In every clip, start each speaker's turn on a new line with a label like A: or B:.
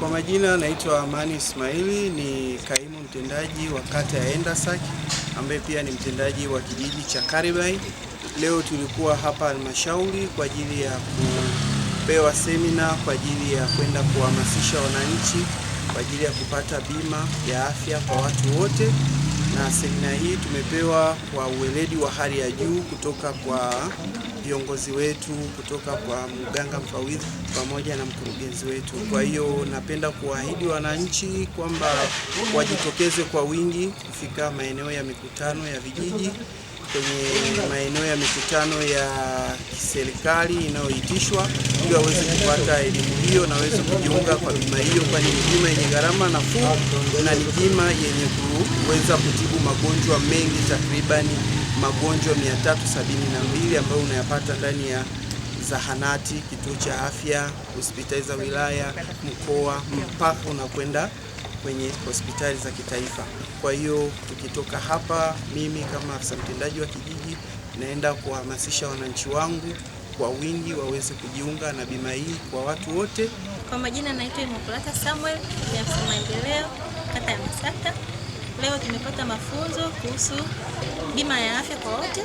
A: Kwa majina naitwa Amani Ismaili, ni kaimu mtendaji wa kata ya Endasak ambaye pia ni mtendaji wa kijiji cha Karibai. Leo tulikuwa hapa halmashauri kwa ajili ya kupewa semina kwa ajili ya kwenda kuhamasisha wananchi kwa ajili ya kupata bima ya afya kwa watu wote, na semina hii tumepewa kwa uweledi wa hali ya juu kutoka kwa viongozi wetu kutoka kwa mganga mfawidhi pamoja na mkurugenzi wetu. Kwa hiyo napenda kuahidi wananchi kwamba wajitokeze kwa wingi kufika maeneo ya mikutano ya vijiji, kwenye maeneo ya mikutano ya serikali inayoitishwa, ili waweze kupata elimu hiyo na waweze kujiunga kwa bima hiyo, kwani ni bima yenye gharama nafuu na ni bima yenye kuweza kutibu magonjwa mengi takribani magonjwa 372 ambayo unayapata ndani ya zahanati, kituo cha afya, hospitali za wilaya, mkoa, mpaka unakwenda kwenye hospitali za kitaifa. Kwa hiyo tukitoka hapa, mimi kama afisa mtendaji wa kijiji naenda kuwahamasisha wananchi wangu kwa wingi waweze kujiunga na bima hii kwa watu wote.
B: Kwa majina naitwa Imakulata Samuel, ni afisa maendeleo kata ya Masaka. Leo tumepata mafunzo kuhusu bima ya afya kwa wote.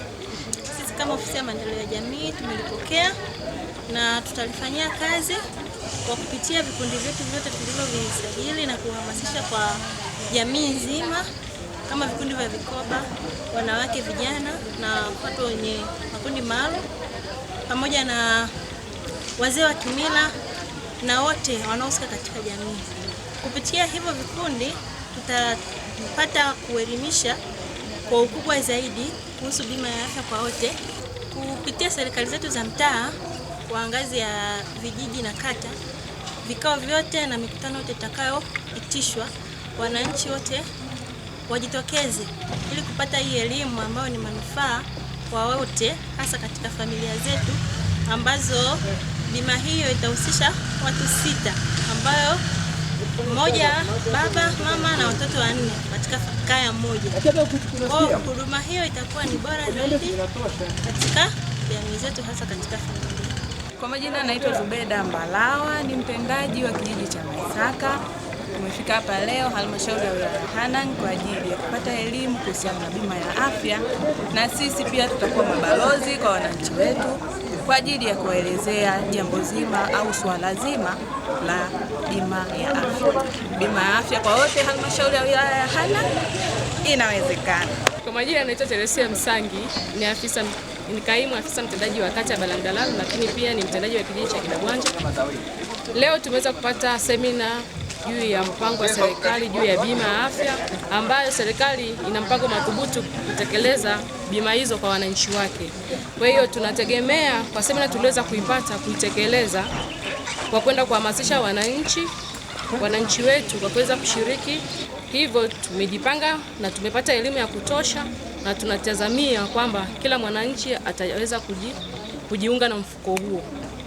B: Sisi kama ofisi ya maendeleo ya jamii tumelipokea na tutalifanyia kazi kwa kupitia vikundi vyetu vyote tulivyovisajili na kuhamasisha kwa jamii nzima, kama vikundi vya vikoba, wanawake, vijana na watu wenye makundi maalum, pamoja na wazee wa kimila na wote wanaohusika katika jamii. Kupitia hivyo vikundi tutapata kuelimisha kwa ukubwa zaidi kuhusu bima ya afya kwa wote kupitia serikali zetu za mtaa wa ngazi ya vijiji na kata. Vikao vyote na mikutano yote itakayoitishwa, wananchi wote wajitokeze ili kupata hii elimu ambayo ni manufaa kwa wote, hasa katika familia zetu ambazo bima hiyo itahusisha watu sita ambayo mmoja baba, mama na watoto wanne katika kaya moja. Kwa huduma hiyo itakuwa ni bora zaidi katika jamii zetu, hasa katika familia.
C: Kwa majina anaitwa Zubeda Mbalawa, ni mtendaji wa kijiji cha Maisaka. Tumefika hapa leo halmashauri ya wilaya Hanang kwa ajili ya kupata elimu kuhusiana na bima ya afya, na sisi pia tutakuwa mabalozi kwa wananchi wetu kwa ajili ya kuwaelezea jambo zima au swala zima la bima ya afya. Bima ya afya kwa wote halmashauri ya wilaya ya Hana inawezekana.
D: Kwa majina anaitwa Teresia Msangi, ni afisa ni kaimu afisa mtendaji wa kata ya Balandalalu, lakini pia ni mtendaji wa kijiji cha Kidabwanja. Leo tumeweza kupata semina juu ya mpango wa serikali juu ya bima ya afya ambayo serikali ina mpango madhubuti kutekeleza bima hizo kwa wananchi wake. Kwa hiyo tunategemea kwa semina tuliweza kuipata kuitekeleza kwa kwenda kuhamasisha wananchi wananchi wetu kwa kuweza kushiriki. Hivyo tumejipanga na tumepata elimu ya kutosha, na tunatazamia kwamba kila mwananchi ataweza kuji, kujiunga na mfuko huo.